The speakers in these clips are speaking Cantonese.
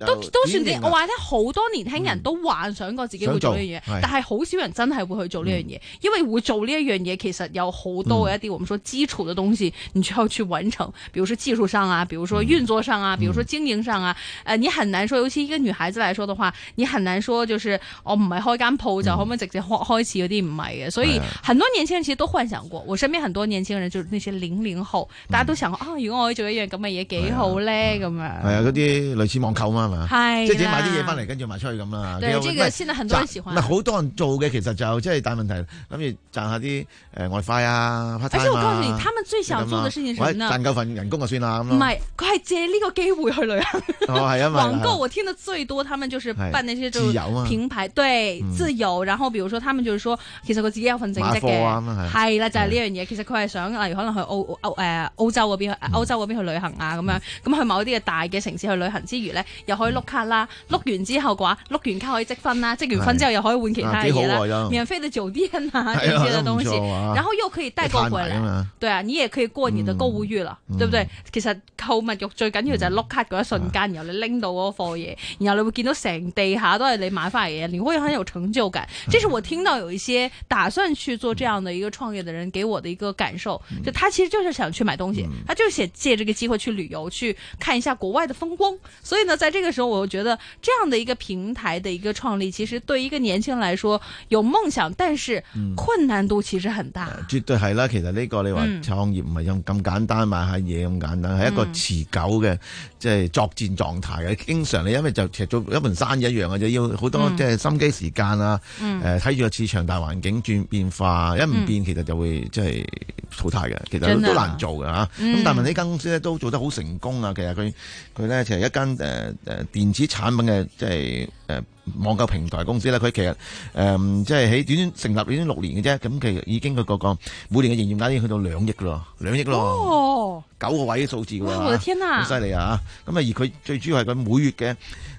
都都算啲，我話咧，好多年輕人都幻想過自己會做呢樣嘢，嗯、但係好少人真係會去做呢樣嘢，嗯、因為會做呢一樣嘢其實有好多一啲，我們說基礎的東西，嗯、你就要去完成，比如說技術上啊，比如說運作上啊，嗯、比如說經營上啊，誒、嗯呃，你很難說，尤其一個女孩子來說的話，你很難說，就是我唔係開間鋪，嗯、就可唔可以直接開開始啲唔係嘅，所以很多年輕人其實都幻想過，我身邊很多年輕人就是那些零零後，大家都想啊，如果我可以做一樣咁嘅嘢，幾好咧，咁、哎、呀樣。係啊、哎，啲類似網購嘛。係，即係自己買啲嘢翻嚟，跟住賣出去咁啦。對，呢個現在很多人喜歡。好多人做嘅其實就即係大問題，諗住賺下啲誒外快啊，發財啊。而且我告訴你，他們最想做嘅事情係咩咧？賺夠份人工就算啦。唔係，佢係借呢個機會去旅行。哦，係啊嘛。網購我聽得最多，他們就是辦那些就品牌對自由，然後比如說，他們就是說，其實佢自己有份正職嘅。係啦，就係呢樣嘢。其實佢係想，例如可能去澳歐誒歐洲嗰邊，歐洲嗰邊去旅行啊咁樣。咁去某啲嘅大嘅城市去旅行之餘咧，可以碌卡啦，碌完之後嘅話，碌完卡可以積分啦，積完分之後又可以換其他嘢啦，啊啊、免費嘅酒店啊，呢啲嘅東西，啊、然後又可以帶貨回來，對啊，你也可以過你的購物慾啦，嗯、對唔對？其實購物慾最緊要就係碌卡嗰一瞬間，嗯、然後你拎到嗰個貨嘢，然後你會見到成地下都係你買翻嘢，你會很有成就感。這是我聽到有一些打算去做這樣的一個創業的人，給我的一個感受。就他其實就是想去買東西，他就想借這個機會去旅遊，去看一下國外的風光。所以呢，在這個。這個時候我覺得這樣的一個平臺的一個創立，其實對一個年輕人來說有夢想，但是困難度其實很大。嗯嗯嗯、絕對係啦，其實呢個你話創業唔係用咁簡單，買下嘢咁簡單，係一個持久嘅即係作戰狀態嘅。經常你因為就踢咗一門生意一樣嘅啫，要好多即係、嗯、心機時間啊，誒睇住個市場大環境轉變化，一唔變、嗯、其實就會即係、就是、淘汰嘅。其實的都難做嘅吓。咁、啊、但係呢間公司咧都做得好成功啊。其實佢佢咧其實一間誒。呃電子產品嘅即係誒、啊、網購平台公司啦，佢其實誒、嗯、即係喺短短成立短短六年嘅啫，咁其實已經佢個個每年嘅營業額已經去到兩億噶咯，兩億咯，九、哦、個位嘅數字，哇！哦、天啊，好犀利啊！咁啊，而佢最主要係佢每月嘅。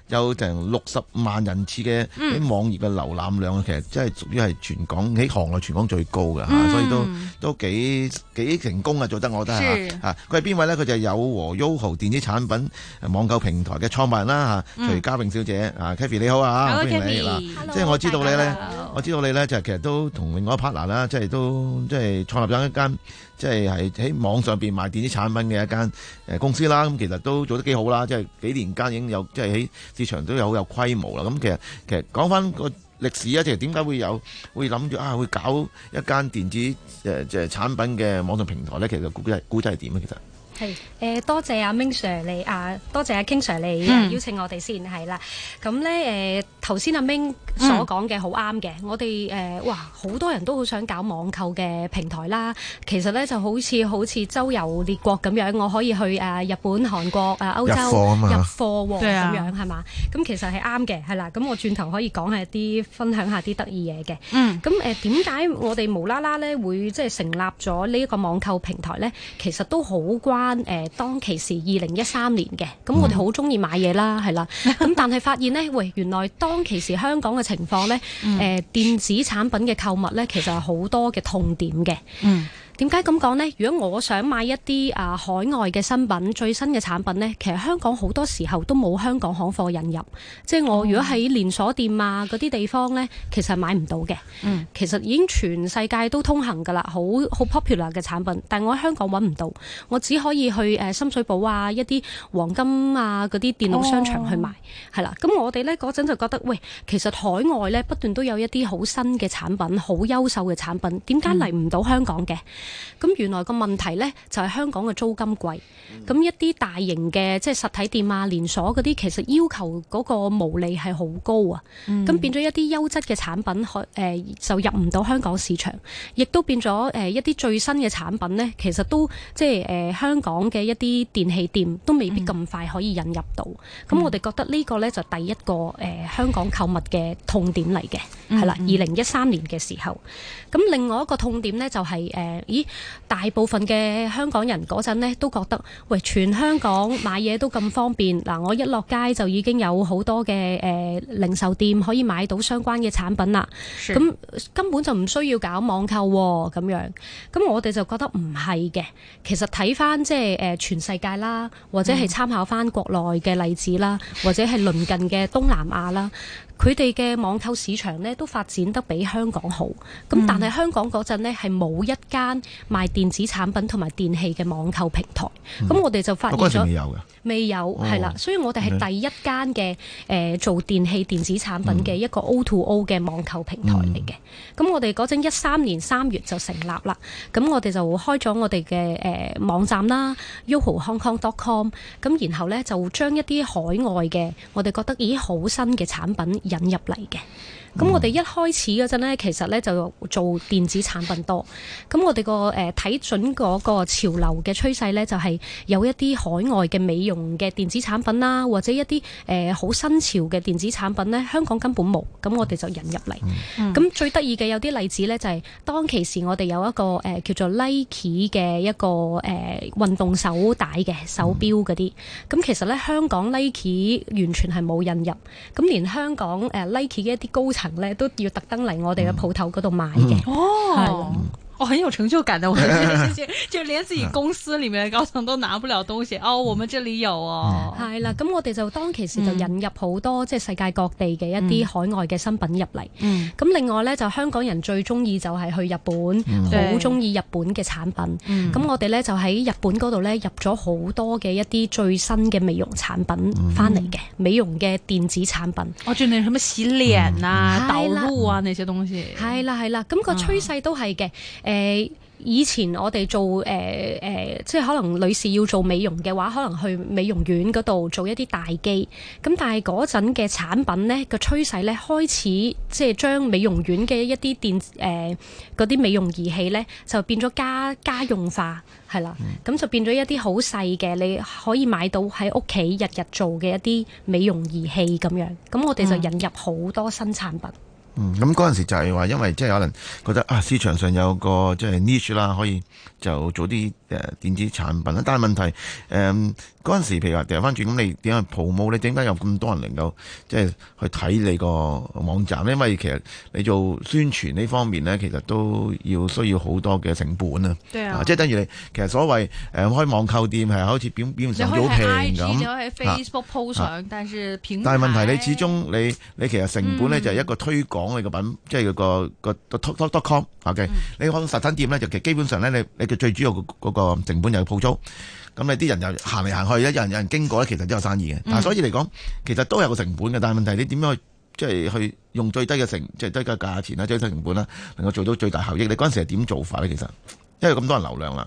有成六十萬人次嘅喺網頁嘅瀏覽量、嗯、其實即係屬於係全港喺行內全港最高嘅、嗯、所以都都幾幾成功啊！做得我都係佢係邊位咧？佢就友和 y 豪 o o 電子產品網購平台嘅創辦人啦嚇，嗯、徐嘉榮小姐啊，Kathy 你好啊歡 Hello, 歡迎你！啦，hello, 即係我知道你咧，hello, 我知道你咧就係其實都同另外一 partner 啦，即係都即係創立咗一間。即係係喺網上邊賣電子產品嘅一間誒公司啦，咁其實都做得幾好啦，即係幾年間已經有即係喺市場都有好有規模啦。咁其實其實講翻個歷史啊，其實點解會有會諗住啊會搞一間電子誒誒產品嘅網上平台咧？其實估計估計係點啊？其實。其實係誒，多謝阿 Ming Sir 你啊，多謝阿 King Sir 你邀請我哋先係啦。咁咧誒，頭先阿 Ming 所講嘅好啱嘅。我哋誒，哇，好多人都好想搞網購嘅平台啦。其實咧就好似好似周遊列國咁樣，我可以去誒日本、韓國誒歐洲入貨啊嘛，入貨對啊，咁樣係嘛。咁其實係啱嘅，係啦。咁我轉頭可以講下啲分享下啲得意嘢嘅。嗯。咁誒，點解我哋無啦啦咧會即係成立咗呢一個網購平台咧？其實都好關。誒，當其時二零一三年嘅，咁我哋好中意買嘢啦，係啦，咁但係發現咧，喂，原來當其時香港嘅情況咧，誒，電子產品嘅購物咧，其實係好多嘅痛點嘅。嗯點解咁講呢？如果我想買一啲啊海外嘅新品、最新嘅產品呢，其實香港好多時候都冇香港行貨引入，即係我如果喺連鎖店啊嗰啲地方呢，其實買唔到嘅。嗯、其實已經全世界都通行㗎啦，好好 popular 嘅產品，但我喺香港揾唔到，我只可以去深水埗啊一啲黃金啊嗰啲電腦商場去買，係啦。咁、哦、我哋呢嗰陣就覺得喂，其實海外呢不斷都有一啲好新嘅產品、好優秀嘅產品，點解嚟唔到香港嘅？嗯咁原來個問題咧就係香港嘅租金貴，咁、嗯、一啲大型嘅即係實體店啊、連鎖嗰啲，其實要求嗰個毛利係好高啊，咁、嗯、變咗一啲優質嘅產品去誒、呃、就入唔到香港市場，亦都變咗誒一啲最新嘅產品咧，其實都即係誒、呃、香港嘅一啲電器店都未必咁快可以引入到，咁、嗯、我哋覺得呢個咧就第一個誒、呃、香港購物嘅痛點嚟嘅，係啦、嗯，二零一三年嘅時候，咁、嗯嗯、另外一個痛點咧就係、是、誒。呃咦，大部分嘅香港人嗰陣呢，都覺得，喂，全香港買嘢都咁方便，嗱，我一落街就已經有好多嘅誒、呃、零售店可以買到相關嘅產品啦，咁是根本就唔需要搞網購咁、哦、樣，咁我哋就覺得唔係嘅，其實睇翻即係誒全世界啦，或者係參考翻國內嘅例子啦，嗯、或者係鄰近嘅東南亞啦。佢哋嘅網購市場咧都發展得比香港好，咁、嗯、但係香港嗰陣咧係冇一間賣電子產品同埋電器嘅網購平台，咁、嗯、我哋就發現咗。未有係啦，oh, okay. 所以我哋係第一間嘅、呃、做電器電子產品嘅一個 O to O 嘅網購平台嚟嘅。咁、mm hmm. 我哋嗰陣一三年三月就成立啦。咁我哋就開咗我哋嘅誒網站啦 Yoho Hong Kong dot com。咁然後呢，就將一啲海外嘅我哋覺得咦好新嘅產品引入嚟嘅。咁我哋一開始嗰陣咧，其實咧就做電子產品多。咁我哋、個誒睇、呃、準嗰個潮流嘅趨勢咧，就係、是、有一啲海外嘅美容嘅電子產品啦，或者一啲誒好新潮嘅電子產品咧，香港根本冇，咁我哋就引入嚟。咁、嗯、最得意嘅有啲例子咧，就係、是、當其時我哋有一個誒、呃、叫做 Nike 嘅一個誒運、呃、動手帶嘅手錶嗰啲。咁、嗯、其實咧香港 Nike 完全係冇引入，咁連香港誒 Nike 嘅一啲高層，咧都要特登嚟我哋嘅鋪頭嗰度買嘅，哦、係。我很有成就感的，我連自己公司裏面高層都拿不了東西，哦，我們這裏有哦，係啦，咁我哋就當其時就引入好多即係世界各地嘅一啲海外嘅新品入嚟，咁另外呢，就香港人最中意就係去日本，好中意日本嘅產品，咁我哋呢，就喺日本嗰度呢，入咗好多嘅一啲最新嘅美容產品翻嚟嘅，美容嘅電子產品，仲有咩洗臉啊、導入啊那些東西，係啦係啦，咁個趨勢都係嘅。誒以前我哋做誒誒、呃呃，即係可能女士要做美容嘅話，可能去美容院嗰度做一啲大機。咁但係嗰陣嘅產品咧，個趨勢咧開始即係將美容院嘅一啲電誒嗰啲美容儀器咧，就變咗家家用化，係啦。咁、嗯、就變咗一啲好細嘅，你可以買到喺屋企日日做嘅一啲美容儀器咁樣。咁我哋就引入好多新產品。嗯，咁嗰陣時就係話，因為即係可能覺得啊，市場上有個即係、就是、niche 啦，可以。就做啲誒電子產品啦，但係問題誒嗰陣時，譬如話掉翻轉咁，你點樣淘寶呢？點解有咁多人能夠即係去睇你個網站咧？因為其實你做宣傳呢方面呢其實都要需要好多嘅成本啊！對啊啊即係等於你其實所謂誒、嗯、開網購店係好似片片成組片咁。你開 I P 咗喺 Facebook post 上，啊啊、但是片。但係問題你始終你、嗯、你其實成本呢就係一個推廣你個品，即係個個個 dot dot dot com okay、嗯。K. 你開實體店咧，就其實基本上咧你。嘅最主要嗰個成本又係鋪租，咁你啲人又行嚟行去咧，有人有人經過咧，其實都有生意嘅。但係所以嚟講，其實都有個成本嘅。但係問題你點樣去即係去用最低嘅成即係低嘅價錢啦，最低成本啦，能夠做到最大效益？你嗰陣時係點做法咧？其實因為咁多人流量啦。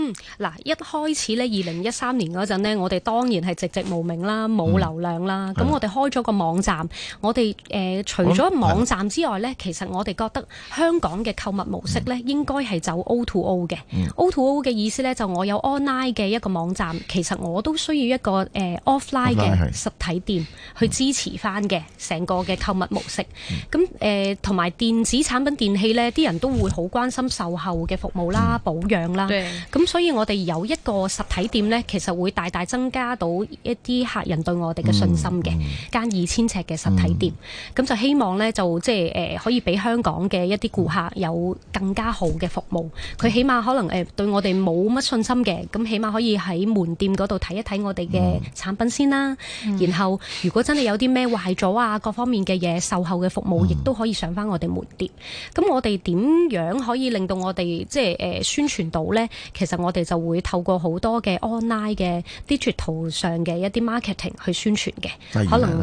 嗯，嗱，一開始咧，二零一三年嗰陣呢，我哋當然係寂寂無名啦，冇流量啦。咁、嗯、我哋開咗個網站，我哋、呃、除咗網站之外呢，嗯、其實我哋覺得香港嘅購物模式呢、嗯、應該係走 O to O 嘅。嗯、O to O 嘅意思呢，就我有 online 嘅一個網站，其實我都需要一個、呃、offline 嘅實體店去支持翻嘅成個嘅購物模式。咁同埋電子產品電器呢，啲人都會好關心售後嘅服務啦、嗯、保養啦，咁對。嗯所以我哋有一個實體店咧，其實會大大增加到一啲客人對我哋嘅信心嘅，間二千尺嘅實體店。咁、嗯、就希望咧，就即係誒、呃、可以俾香港嘅一啲顧客有更加好嘅服務。佢起碼可能誒、呃、對我哋冇乜信心嘅，咁起碼可以喺門店嗰度睇一睇我哋嘅產品先啦。嗯、然後如果真係有啲咩壞咗啊，各方面嘅嘢，售後嘅服務亦都可以上返我哋門店。咁、嗯、我哋點樣可以令到我哋即係誒、呃、宣傳到咧？其實我哋就會透過好多嘅 online 嘅 digital 上嘅一啲 marketing 去宣傳嘅，可能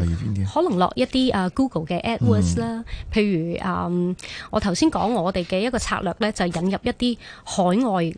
可能落一啲啊 Google 嘅 adwords 啦，譬如嗯，我頭先講我哋嘅一個策略咧，就引入一啲海外誒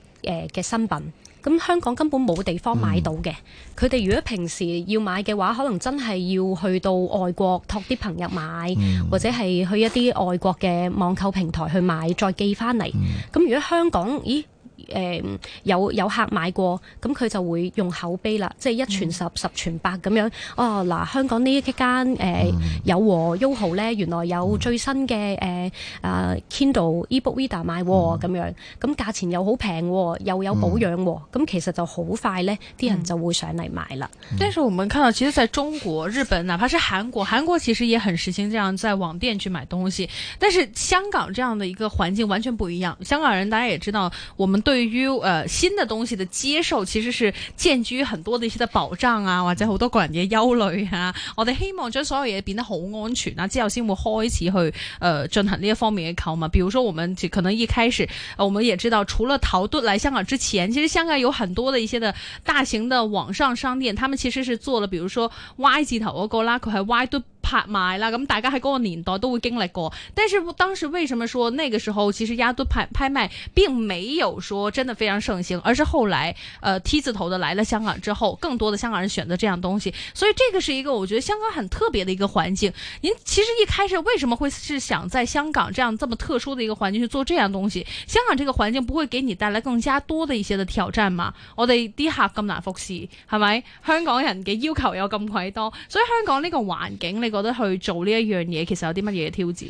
嘅新品，咁香港根本冇地方買到嘅，佢哋如果平時要買嘅話，可能真係要去到外國託啲朋友買，或者係去一啲外國嘅網購平台去買，再寄翻嚟。咁如果香港，咦？誒、呃、有有客買過，咁佢就會用口碑啦，即係一傳十、嗯、十傳百咁樣。哦，嗱、啊，香港幾、呃嗯、呢一間誒友和 YOHO 咧，原來有最新嘅誒、呃、啊 Kindle、kind EbookReader、e、買喎、哦，咁、嗯、樣，咁、嗯、價錢又好平喎，又有保養喎、哦，咁、嗯嗯、其實就好快咧，啲人就會上嚟買啦。嗯、但是我們看到，其實在中國、日本，哪怕是韓國，韓國其實也很時興這樣在網店去買東西。但是香港這樣的一個環境完全不一樣，香港人大家也知道，我們對對於、呃、新的東西的接受，其實是建基於很多的一些的保障啊，或者好多個人嘅憂慮啊。我哋希望將所有嘢變得好安全、啊，那之後先會開始去誒、呃、進行呢一方面嘅購物。比如說，我們可能一開始，呃、我們也知道，除了淘多來香港之前，其實香港有很多的一些的大型的網上商店，他們其實是做了，比如說 Y 字頭嗰個、啦、係 Y 拍賣啦，咁、嗯、大家喺嗰個年代都會經歷過，但是當時為什麼說那個時候其實亞洲拍拍賣並沒有說真的非常盛行，而是後來，呃 T 字頭的來了香港之後，更多的香港人選擇這樣東西，所以這個是一個我覺得香港很特別的一個環境。您其實一開始為什麼會是想在香港這樣這麼特殊的一個環境去做這樣東西？香港這個環境不會給你帶來更加多的一些的挑戰嗎？我哋啲客咁難服侍，係咪？香港人嘅要求有咁鬼多，所以香港呢個環境你。你覺得去做呢一樣嘢，其實有啲乜嘢挑戰？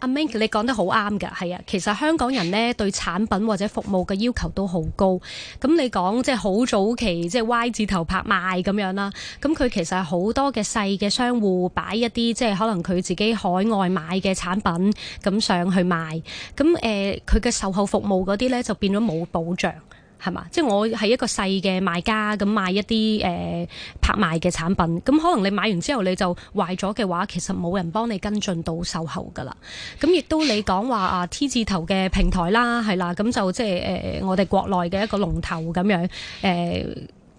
阿 Mink，你講得好啱噶，係啊，其實香港人咧對產品或者服務嘅要求都好高。咁你講即係好早期，即係 Y 字頭拍賣咁樣啦。咁佢其實係好多嘅細嘅商戶擺一啲，即係可能佢自己海外買嘅產品咁上去賣。咁誒，佢、呃、嘅售後服務嗰啲咧就變咗冇保障。係嘛？即係我係一個細嘅賣家，咁賣一啲誒、呃、拍賣嘅產品，咁可能你買完之後你就壞咗嘅話，其實冇人幫你跟進到售後㗎啦。咁亦都你講話啊 T 字頭嘅平台啦，係啦，咁就即係誒我哋國內嘅一個龍頭咁樣誒。呃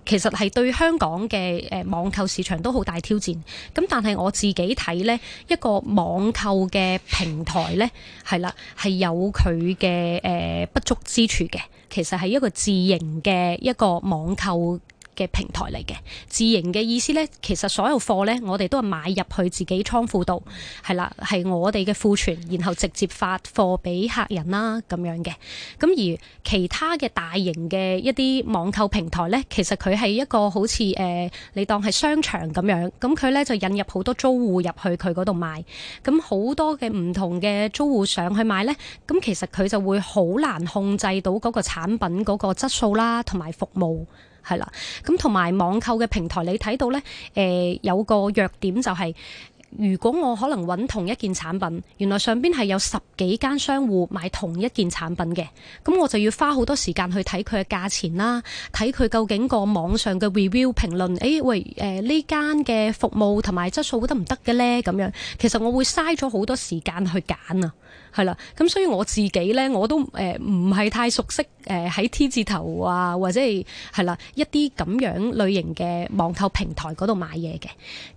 其實係對香港嘅誒網購市場都好大挑戰。咁但係我自己睇呢一個網購嘅平台呢，係啦，係有佢嘅誒不足之處嘅。其實係一個自營嘅一個網購嘅平台嚟嘅自營嘅意思咧，其實所有貨咧，我哋都係買入去自己倉庫度，係啦，係我哋嘅庫存，然後直接發貨俾客人啦，啊，咁樣嘅。咁而其他嘅大型嘅一啲網購平台咧，其實佢係一個好似誒、呃，你當係商場咁樣，咁佢咧就引入好多租戶入去佢嗰度賣，咁好多嘅唔同嘅租戶上去買咧，咁其實佢就會好難控制到嗰個產品嗰個質素啦，同埋服務。係啦，咁同埋網購嘅平台你，你睇到咧，誒有個弱點就係、是。如果我可能揾同一件產品，原來上邊係有十幾間商戶買同一件產品嘅，咁我就要花好多時間去睇佢嘅價錢啦，睇佢究竟個網上嘅 review 評論誒、欸、喂，誒呢間嘅服務同埋質素得唔得嘅咧？咁樣其實我會嘥咗好多時間去揀啊，係啦，咁所以我自己咧我都誒唔係太熟悉誒喺、呃、T 字頭啊，或者係啦一啲咁樣類型嘅網購平台度買嘢嘅，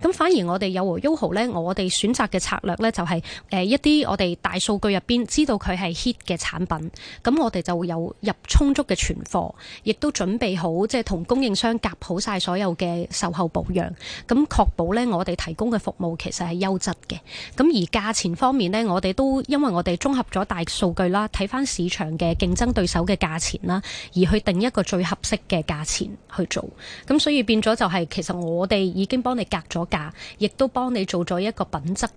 咁反而我哋友和 YOHO 咧。我哋選擇嘅策略呢，就係誒一啲我哋大數據入邊知道佢係 hit 嘅產品，咁我哋就會有入充足嘅存貨，亦都準備好即係同供應商夾好晒所有嘅售後保養，咁確保呢我哋提供嘅服務其實係優質嘅。咁而價錢方面呢，我哋都因為我哋綜合咗大數據啦，睇翻市場嘅競爭對手嘅價錢啦，而去定一個最合適嘅價錢去做。咁所以變咗就係，其實我哋已經幫你隔咗價，亦都幫你做。做一個品質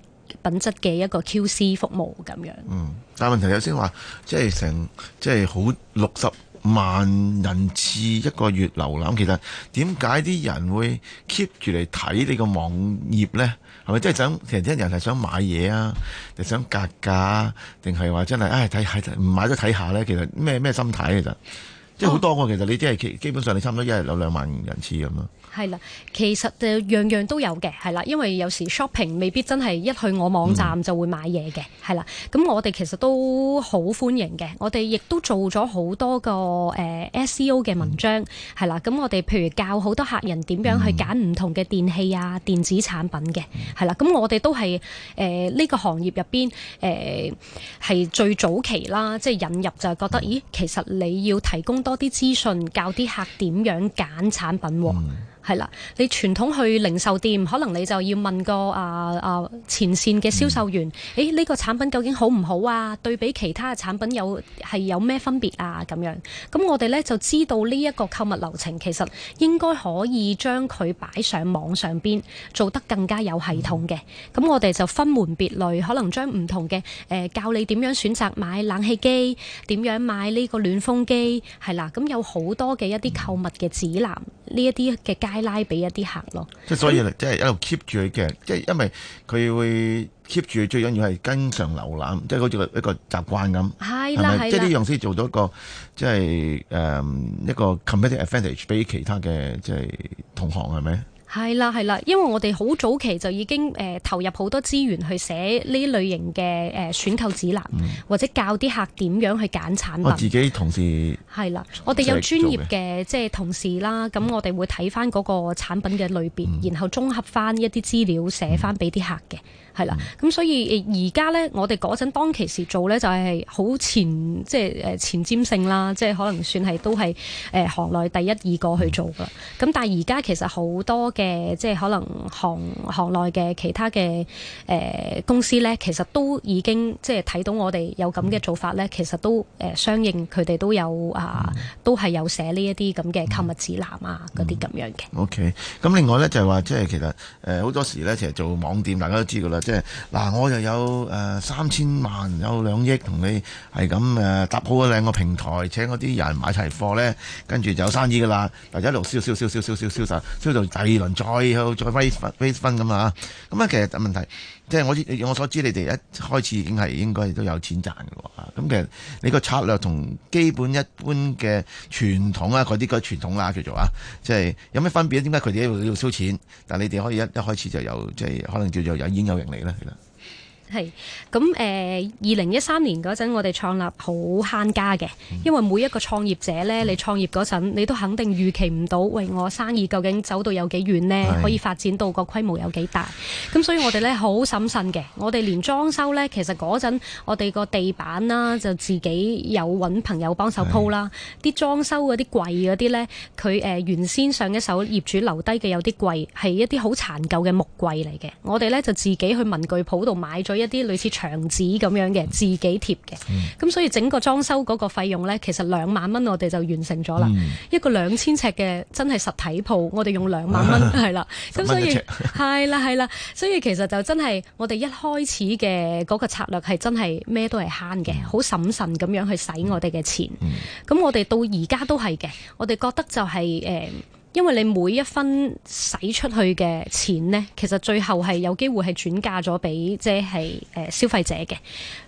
品質嘅一個 QC 服務咁樣。嗯，但係問題有先話，即係成即係好六十萬人次一個月瀏覽，其實點解啲人會 keep 住嚟睇你個網頁咧？係咪即係想其實啲人係想買嘢啊，定想格價啊，定係話真係唉睇下唔買都睇下咧？其實咩咩心態其實，嗯、即係好多嘅。其實你即係基本上你差唔多一日有兩萬人次咁咯。係啦，其實誒樣樣都有嘅，係啦，因為有時 shopping 未必真係一去我網站就會買嘢嘅，係啦、嗯，咁我哋其實都好歡迎嘅，我哋亦都做咗好多個 SEO 嘅文章，係啦、嗯，咁我哋譬如教好多客人點樣去揀唔同嘅電器啊、電子產品嘅，係啦、嗯，咁我哋都係誒呢個行業入邊誒係最早期啦，即係引入就係覺得，嗯、咦，其實你要提供多啲資訊，教啲客點樣揀產品喎、啊。嗯係啦，你傳統去零售店，可能你就要問個啊啊前線嘅銷售員，誒呢個產品究竟好唔好啊？對比其他嘅產品有係有咩分別啊？咁樣，咁我哋呢就知道呢一個購物流程其實應該可以將佢擺上網上邊，做得更加有系統嘅。咁我哋就分門別類，可能將唔同嘅誒教你點樣選擇買冷氣機，點樣買呢個暖風機，係啦，咁有好多嘅一啲購物嘅指南，呢一啲嘅教。係拉，俾一啲客咯，即係所以咧，即係一路 keep 住佢嘅，即係因為佢會 keep 住最緊要係經常瀏覽，即係好似一個習慣咁，係啦，係咪，即係呢樣先做到一個，即係誒、um, 一個 competitive advantage 俾其他嘅即係同行係咪？係啦，係啦，因為我哋好早期就已經誒投入好多資源去寫呢類型嘅誒選購指南，嗯、或者教啲客點樣去揀產品。我自己同事係啦，我哋有專業嘅即係同事啦，咁、嗯、我哋會睇翻嗰個產品嘅類別，嗯、然後綜合翻一啲資料寫翻俾啲客嘅。嗯係啦，咁所以而家咧，我哋嗰陣當其時做咧，就係、是、好前，即係誒前瞻性啦，即係可能算係都係誒行內第一二個去做噶啦。咁、嗯、但係而家其實好多嘅，即係可能行行內嘅其他嘅誒、呃、公司咧，其實都已經即係睇到我哋有咁嘅做法咧，嗯、其實都誒、呃、相應佢哋都有啊，都係有寫呢一啲咁嘅購物指南啊，嗰啲咁樣嘅。OK，咁另外咧就係話，即係其實誒好、呃、多時咧，其實做網店大家都知道啦。即係嗱，我又有誒三千萬，有兩億同你係咁誒搭好個兩個平台，請嗰啲人買齊貨呢。跟住就有生意噶啦。就一路燒燒燒燒燒燒燒燒，到第二輪再再分分分咁啊！咁啊，其實個問題。即係我我所知，你哋一開始已經係應該都有錢賺嘅話，咁其實你個策略同基本一般嘅傳統啊，嗰啲嗰傳統啦叫做啊，即係有咩分別咧？點解佢哋要要燒錢，但係你哋可以一一開始就有即係可能叫做有已經有盈利咧？咁二零一三年嗰陣，我哋創立好慳家嘅，因為每一個創業者呢，你創業嗰陣，你都肯定預期唔到，喂，我生意究竟走到有幾遠呢？是的 可以發展到個規模有幾大？咁所以我哋呢，好審慎嘅，我哋連裝修呢，其實嗰陣我哋個地板啦、啊，就自己有揾朋友幫手鋪啦，啲是的 裝修嗰啲櫃嗰啲呢，佢、呃、原先上一手業主留低嘅有啲櫃係一啲好殘舊嘅木櫃嚟嘅，我哋呢，就自己去文具鋪度買咗。一啲類似牆紙咁樣嘅自己貼嘅，咁、嗯、所以整個裝修嗰個費用呢，其實兩萬蚊我哋就完成咗啦。嗯、一個兩千尺嘅真係實體鋪，我哋用兩萬蚊係啦，咁所以係啦係啦，所以其實就真係我哋一開始嘅嗰個策略係真係咩都係慳嘅，好審、嗯、慎咁樣去使我哋嘅錢。咁、嗯、我哋到而家都係嘅，我哋覺得就係、是、誒。呃因為你每一分使出去嘅錢呢，其實最後係有機會係轉嫁咗俾即係誒消費者嘅。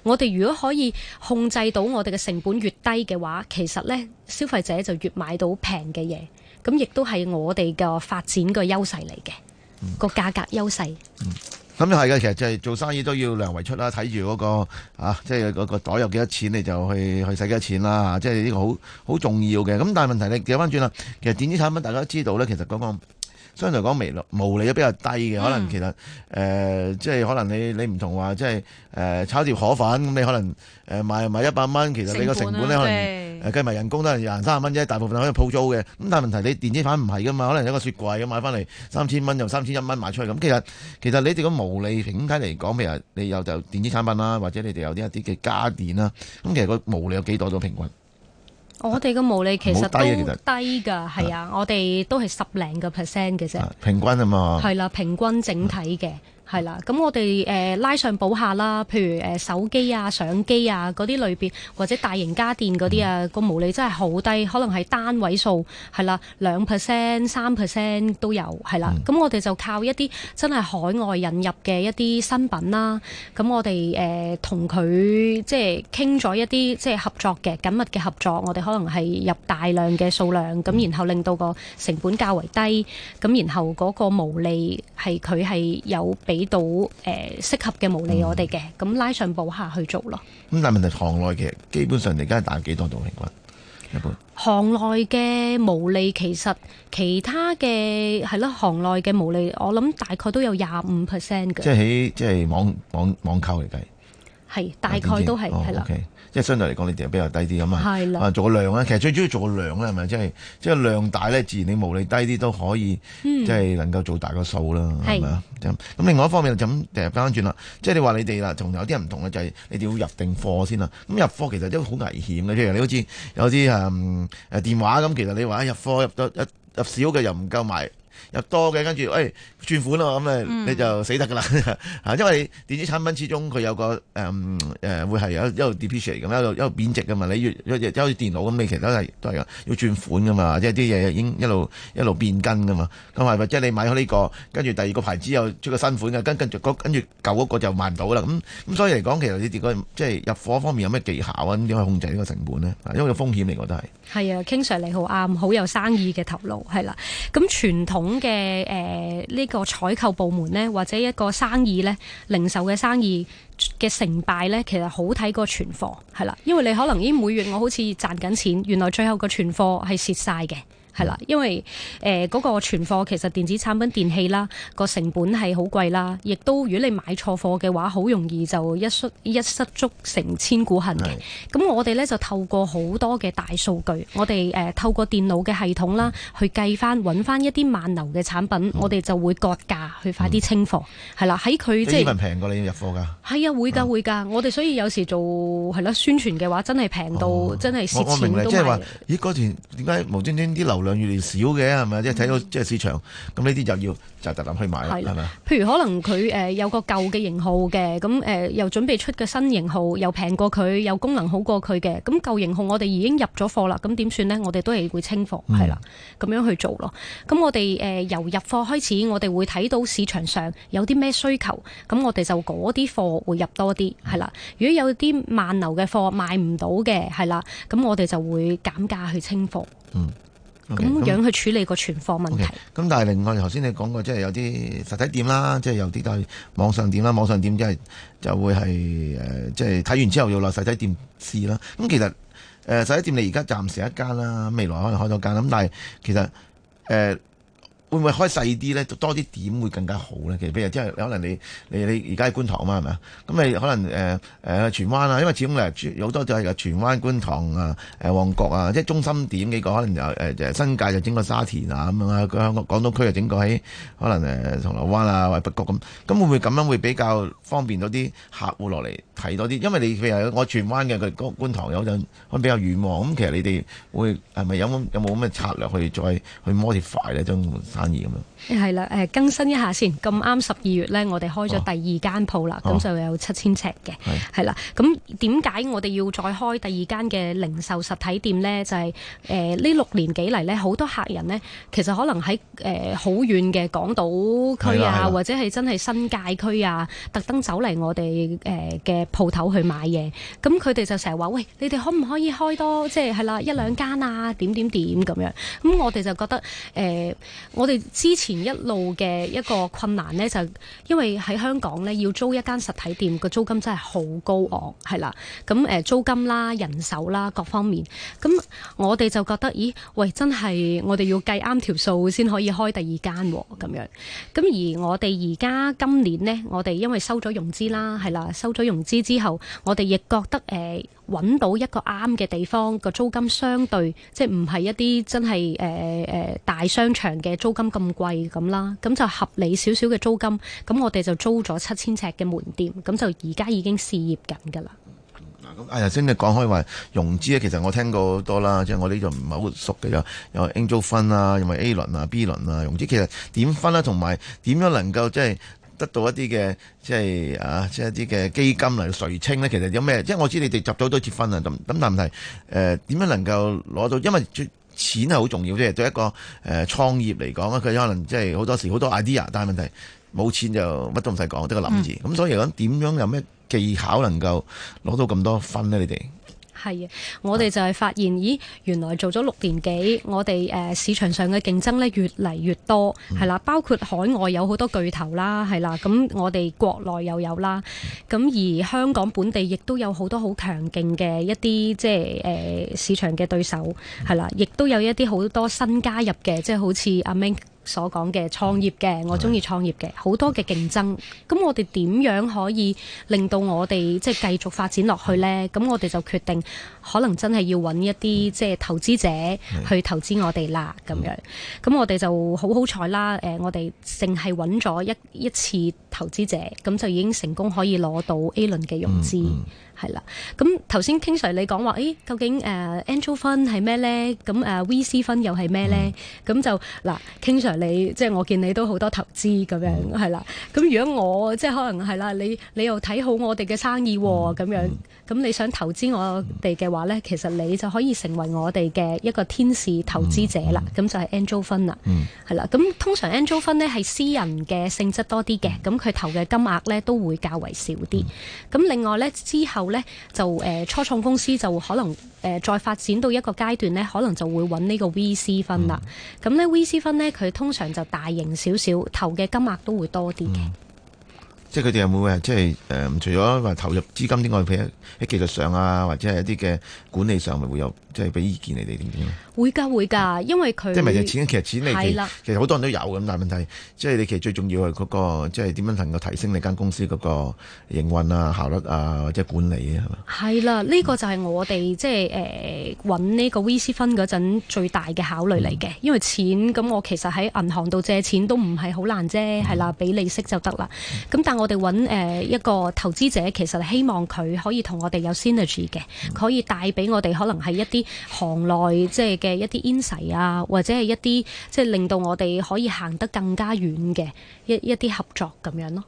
我哋如果可以控制到我哋嘅成本越低嘅話，其實呢消費者就越買到平嘅嘢，咁亦都係我哋嘅發展嘅優勢嚟嘅，嗯、個價格優勢。嗯咁又係嘅，其實就係做生意都要量為出啦，睇住嗰個啊，即係嗰個袋有幾多錢，你就去去使幾多錢啦，即係呢個好好重要嘅。咁但係問題你調翻轉啦，其實電子產品大家都知道咧，其實嗰個。相對嚟講，微利、毛利都比較低嘅，可能其實誒、嗯呃，即係可能你你唔同話，即係誒炒條河粉，咁你可能誒賣賣一百蚊，其實你個成本咧、啊、可能誒計埋人工都係廿三十蚊啫，大部分可以鋪租嘅。咁但係問題你電子產唔係噶嘛，可能有個雪櫃咁買翻嚟三千蚊，就三千一蚊賣出去。咁其實其實你哋個毛利整體嚟講，譬如你有就電子產品啦，或者你哋有啲一啲嘅家電啦，咁其實個毛利有幾多都平均。我哋嘅毛利其實都低㗎，係啊，我哋都係十零個 percent 嘅啫，平均啊嘛，係啦，平均整體嘅。係啦，咁我哋、呃、拉上補下啦，譬如、呃、手機啊、相機啊嗰啲類別，或者大型家電嗰啲啊，嗯、個毛利真係好低，可能係單位數，係啦，兩 percent、三 percent 都有，係啦，咁、嗯、我哋就靠一啲真係海外引入嘅一啲新品啦，咁我哋、呃、同佢即係傾咗一啲即係合作嘅緊密嘅合作，我哋可能係入大量嘅數量，咁、嗯、然後令到個成本較為低，咁然後嗰個毛利係佢係有俾。俾到誒、呃、適合嘅毛利我哋嘅，咁、嗯、拉上補下去做咯。咁但係問題，行內嘅基本上你而家係打幾多度平均？一般行內嘅毛利，其實其他嘅係咯，行內嘅毛利，我諗大概都有廿五 percent 嘅。即係喺即係網網網購嚟計，係大概都係係啦。Oh, okay. okay. 即係相對嚟講，你哋係比較低啲咁啊，啊的做個量啊，其實最主要做個量咧，係咪即係即係量大咧，自然你毛利低啲都可以，即係、嗯、能夠做大個數啦，係咪啊？咁的另外一方面就咁誒翻轉啦，即係、就是、你話、就是、你哋啦，同有啲人唔同嘅就係你哋要入定貨先啦，咁入貨其實都好危險嘅，即係你好似有啲誒誒電話咁，其實你話入貨入得一入少嘅又唔夠賣。入多嘅，跟住誒轉款咯，咁誒你就死得噶啦嚇，嗯、因為電子產品始終佢有個誒誒、嗯、會係有一路 depreciate 一路一路貶值噶嘛，你好似電腦咁，你其實都係都係要轉款噶嘛，即係啲嘢已經一路一路變更噶嘛，咁係咪即係你買開呢個，跟住第二個牌子又出個新款嘅，跟跟住嗰跟住舊嗰個就賣唔到啦，咁咁所以嚟講，其實你點解即係入貨方面有咩技巧啊？點可以控制呢個成本呢？因為個風險嚟講都係係啊 King Sir 好啱，好有生意嘅頭腦，係啦，咁咁嘅、誒呢個採購部門咧，或者一個生意咧，零售嘅生意嘅成敗咧，其實好睇個存貨係啦，因為你可能已經每月我好似賺緊錢，原來最後個存貨係蝕晒嘅。係啦，因為誒嗰、呃那個存貨其實電子產品電器啦，個成本係好貴啦，亦都如果你買錯貨嘅話，好容易就一失一失足成千古恨嘅。咁是的 我哋咧就透過好多嘅大數據，我哋誒、呃、透過電腦嘅系統啦，去計翻揾翻一啲慢流嘅產品，嗯、我哋就會割價去快啲清貨。係啦、嗯，喺佢即係幾份平過你入貨㗎？係啊，會㗎會㗎。我哋所以有時做係啦宣傳嘅話，真係平到真係蝕錢。我我明㗎，即係話咦嗰段點解無端端啲流？量越嚟少嘅，係咪即係睇到即係市場咁？呢啲、嗯、就要就特登去買啦，係咪的？吧譬如可能佢誒有個舊嘅型號嘅，咁誒、呃、又準備出個新型號又平過佢，又功能好過佢嘅咁舊型號，我哋已經入咗貨啦，咁點算呢？我哋都係會清貨，係啦，咁樣去做咯。咁、嗯、我哋誒、呃、由入貨開始，我哋會睇到市場上有啲咩需求，咁我哋就嗰啲貨會入多啲，係啦。嗯、如果有啲慢流嘅貨賣唔到嘅，係啦，咁我哋就會減價去清貨，嗯。咁樣去處理個存貨問題。咁、okay, okay，但係另外頭先你講過，即係有啲實體店啦，即係有啲都係網上店啦。網上店即係就會係即係睇完之後要落實體店試啦。咁其實誒實體店你而家暫時一間啦，未來可能開多間啦。咁但係其實誒。呃會唔會開細啲咧？多啲點,點會更加好咧？其實譬如即係可能你你你而家係觀塘啊嘛，係咪啊？咁你可能誒誒荃灣啊？因為始終有好多就係、是、荃灣、觀塘啊、誒、呃、旺角啊，即係中心點幾個可能就誒、呃、新界就整個沙田啊咁樣啊。香港港島區就整個喺可能誒銅鑼灣啊或者北角咁。咁會唔會咁樣會比較方便到啲客戶落嚟睇多啲？因為你譬如我荃灣嘅，佢、那、嗰、個、觀塘有陣可能比較遠望、啊。咁其實你哋會係咪有冇有冇咩策略去再去 modify 咧？將係啦，誒、呃、更新一下先。咁啱十二月咧，我哋開咗第二間鋪啦，咁、哦哦、就有七千尺嘅，係啦的。咁點解我哋要再開第二間嘅零售實體店咧？就係誒呢六年幾嚟咧，好多客人咧，其實可能喺誒好遠嘅港島區啊，或者係真係新界區啊，特登走嚟我哋誒嘅鋪頭去買嘢。咁佢哋就成日話，喂，你哋可唔可以開多即係係啦一兩間啊？點點點咁樣，咁我哋就覺得誒、呃、我哋之前一路嘅一個困難呢，就是、因為喺香港呢，要租一間實體店，個租金真係好高昂，係啦。咁、嗯、租金啦、人手啦各方面，咁、嗯、我哋就覺得，咦，喂，真係我哋要計啱條數先可以開第二間咁、喔、樣。咁、嗯、而我哋而家今年呢，我哋因為收咗融資啦，係啦，收咗融資之後，我哋亦覺得誒。呃搵到一個啱嘅地方，個租金相對即係唔係一啲真係誒誒大商場嘅租金咁貴咁啦，咁就合理少少嘅租金，咁我哋就租咗七千尺嘅門店，咁就而家已經試業緊㗎啦。嗱，咁阿頭先你講開話融資咧，其實我聽過好多啦，即係我呢度唔係好熟嘅啦，有 Angel Fund 啊，又咪 A 輪啊、B 輪啊融資，其實點分咧，同埋點樣能夠即係。得到一啲嘅即係啊，即係一啲嘅基金嚟垂青咧。其實有咩？即係我知你哋集咗好多分啊，咁咁但係誒點樣能夠攞到？因為錢係好重要嘅，對一個誒、呃、創業嚟講，佢可能即係好多時好多 idea，但係問題冇錢就乜都唔使講，得個諗字。咁、嗯、所以嚟講，點樣有咩技巧能夠攞到咁多分咧？你哋？係啊，我哋就係發現，咦，原來做咗六年幾，我哋誒、呃、市場上嘅競爭咧越嚟越多，係啦，包括海外有好多巨頭啦，係啦，咁我哋國內又有啦，咁而香港本地亦都有好多好強勁嘅一啲即係誒、呃、市場嘅對手，係啦，亦都有一啲好多新加入嘅，即係好似阿 Man。所講嘅創業嘅，我中意創業嘅，好多嘅競爭。咁我哋點樣可以令到我哋即係繼續發展落去呢？咁我哋就決定，可能真係要揾一啲即係投資者去投資我哋啦。咁樣，咁我哋就好好彩啦。誒、呃，我哋淨係揾咗一一次投資者，咁就已經成功可以攞到 A 輪嘅融資。係啦，咁頭先 King Sir 你講話，誒、欸、究竟誒 Angel Fund 係咩咧？咁、uh, 誒、uh, VC Fund 又係咩咧？咁、mm. 就嗱，King Sir 你，即係我見你都好多投資咁樣係啦。咁、mm. 如果我即係可能係啦，你你又睇好我哋嘅生意喎，咁、mm. 樣咁你想投資我哋嘅話咧，其實你就可以成為我哋嘅一個天使投資者啦。咁、mm. 就係 Angel Fund 啦，係啦、mm. 咁通常 Angel Fund 咧係私人嘅性質多啲嘅，咁佢投嘅金額咧都會較為少啲。咁、mm. 另外咧之後。咧就誒、呃，初創公司就可能誒、呃，再發展到一個階段咧，可能就會揾呢個 V C 分啦。咁咧、嗯、V C 分咧，佢通常就大型少少，投嘅金額都會多啲嘅、嗯。即係佢哋有冇誒，即係誒、呃，除咗話投入資金之外，譬如喺技術上啊，或者係一啲嘅管理上，咪會有即係俾意見你哋點樣。會噶會噶，因為佢即係咪就錢？其實錢你其實好多人都有咁，的但係問題即係你其實最重要係嗰、那個，即係點樣能夠提升你間公司嗰個營運啊、效率啊或者管理啊？係咪？係啦，呢、這個就係我哋即係誒揾呢個 VC Fund 嗰陣最大嘅考慮嚟嘅。嗯、因為錢咁，我其實喺銀行度借錢都唔係好難啫，係啦、嗯，俾利息就得啦。咁、嗯、但係我哋揾、呃、一個投資者，其實希望佢可以同我哋有 synergy 嘅，可以帶俾我哋可能係一啲行內即係。嘅一啲 enzyme 啊，或者係一啲即係令到我哋可以行得更加遠嘅一一啲合作咁樣咯。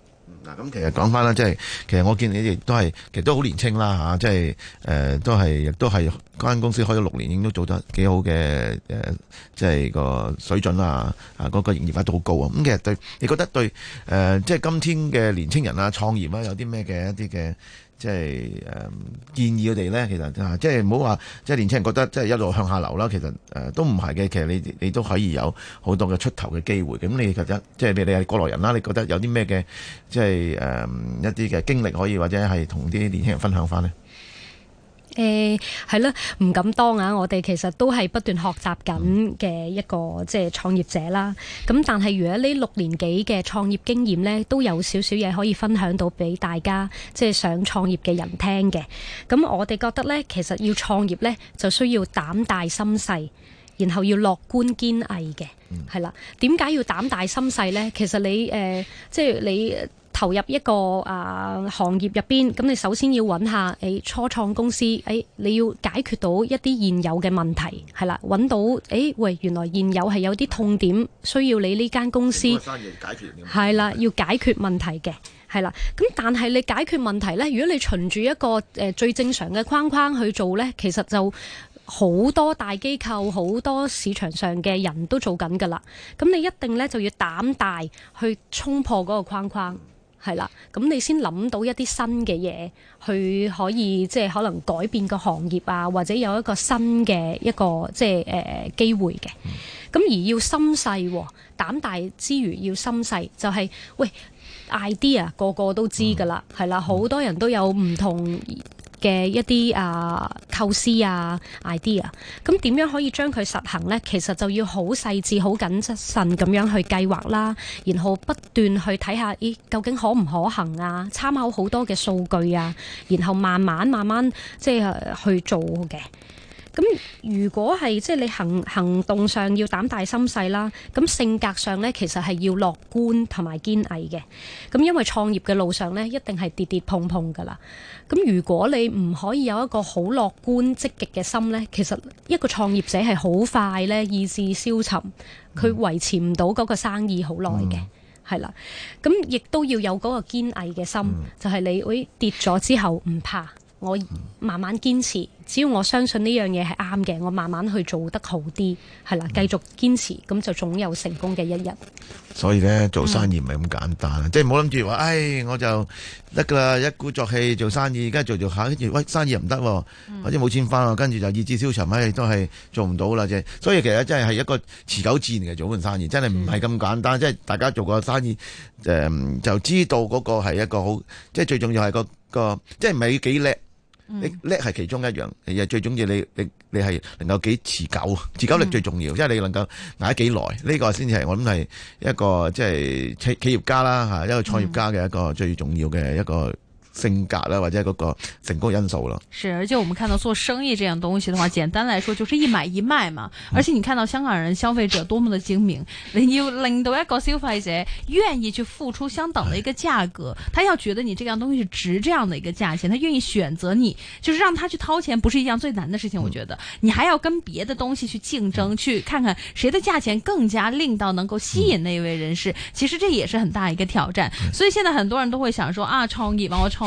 嗱咁、嗯、其實講翻啦，即係其實我見你哋都係其實都好年青啦吓、啊，即係誒、呃、都係亦都係嗰間公司開咗六年，已經都做得幾好嘅誒，即、呃、係、就是、個水準啦、啊，啊嗰、那個營業額都好高啊。咁、嗯、其實對你覺得對誒、呃，即係今天嘅年青人啊，創業啊，有啲咩嘅一啲嘅？即係誒建議佢哋咧，其實啊、就是，即係唔好話，即、就、係、是、年輕人覺得即係一路向下流啦。其實誒、呃、都唔係嘅，其實你你都可以有好多嘅出頭嘅機會。咁你覺得即係、就是、你你係過來人啦，你覺得有啲咩嘅即係誒一啲嘅經歷可以或者係同啲年輕人分享翻咧？誒係啦，唔、嗯、敢當啊！我哋其實都係不斷學習緊嘅一個即係創業者啦。咁但係如果呢六年幾嘅創業經驗呢，都有少少嘢可以分享到俾大家，即係想創業嘅人聽嘅。咁我哋覺得呢，其實要創業呢，就需要膽大心細。然後要樂觀堅毅嘅，係啦、嗯。點解要膽大心細呢？其實你誒，即、呃、係、就是、你投入一個啊行業入邊，咁你首先要揾下誒、欸、初創公司，誒、欸、你要解決到一啲現有嘅問題，係啦，揾到誒、欸、喂，原來現有係有啲痛點，需要你呢間公司解決。係啦，要解決問題嘅，係啦。咁但係你解決問題呢，如果你循住一個誒、呃、最正常嘅框框去做呢，其實就，好多大機構、好多市場上嘅人都做緊㗎啦，咁你一定咧就要膽大去衝破嗰個框框，係啦，咁你先諗到一啲新嘅嘢，去可以即係可能改變個行業啊，或者有一個新嘅一個即係誒、呃、機會嘅。咁、嗯、而要心細、哦，膽大之餘要心細，就係、係、喂 idea 個個都知㗎啦，係啦、嗯，好多人都有唔同。嘅一啲啊、呃、構思啊 idea，咁點樣可以將佢實行咧？其實就要好細致、好謹慎咁樣去計劃啦，然後不斷去睇下咦，究竟可唔可行啊？參考好多嘅數據啊，然後慢慢慢慢即係、呃、去做嘅。咁如果係即係你行行動上要膽大心細啦，咁性格上咧其實係要樂觀同埋堅毅嘅。咁因為創業嘅路上咧，一定係跌跌碰碰噶啦。咁如果你唔可以有一個好樂觀積極嘅心咧，其實一個創業者係好快咧意志消沉，佢維持唔到嗰個生意好耐嘅，係啦、嗯。咁亦都要有嗰個堅毅嘅心，嗯、就係你會、哎、跌咗之後唔怕，我慢慢堅持。只要我相信呢樣嘢係啱嘅，我慢慢去做得好啲，係啦，繼續堅持，咁、嗯、就總有成功嘅一日。所以咧，做生意唔係咁簡單，嗯、即係唔好諗住話，唉，我就得噶啦，一鼓作氣做生意，而家做做下，跟住喂生意又唔得，好似冇錢返咯、啊，跟住就意志消沉，咪、哎、都係做唔到啦即係，所以其實真係係一個持久戰嘅做呢份生意，真係唔係咁簡單。嗯、即係大家做個生意、呃，就知道嗰個係一個好，即係最重要係、嗰個、嗰個、即係唔係幾叻。叻叻係其中一樣，誒最中意你你你係能夠幾持久，持久力最重要，嗯、即係你能夠捱幾耐呢個先至係我諗係一個即係企企業家啦嚇，一個創業家嘅一個最重要嘅一個。性格啦，或者係嗰個成功因素咯。是，而且我們看到做生意這樣東西的話，簡單來說就是一買一賣嘛。嗯、而且你看到香港人消費者多麼的精明，願、嗯、意去付出相等的一個價格，他要覺得你這樣東西值這樣的一個價錢，他願意選擇你，就是讓他去掏錢不是一樣最難的事情。嗯、我覺得你還要跟別的東西去競爭，嗯、去看看誰的價錢更加令到能夠吸引那一位人士。其實這也是很大一個挑戰。嗯、所以現在很多人都會想說，啊，創意幫我創。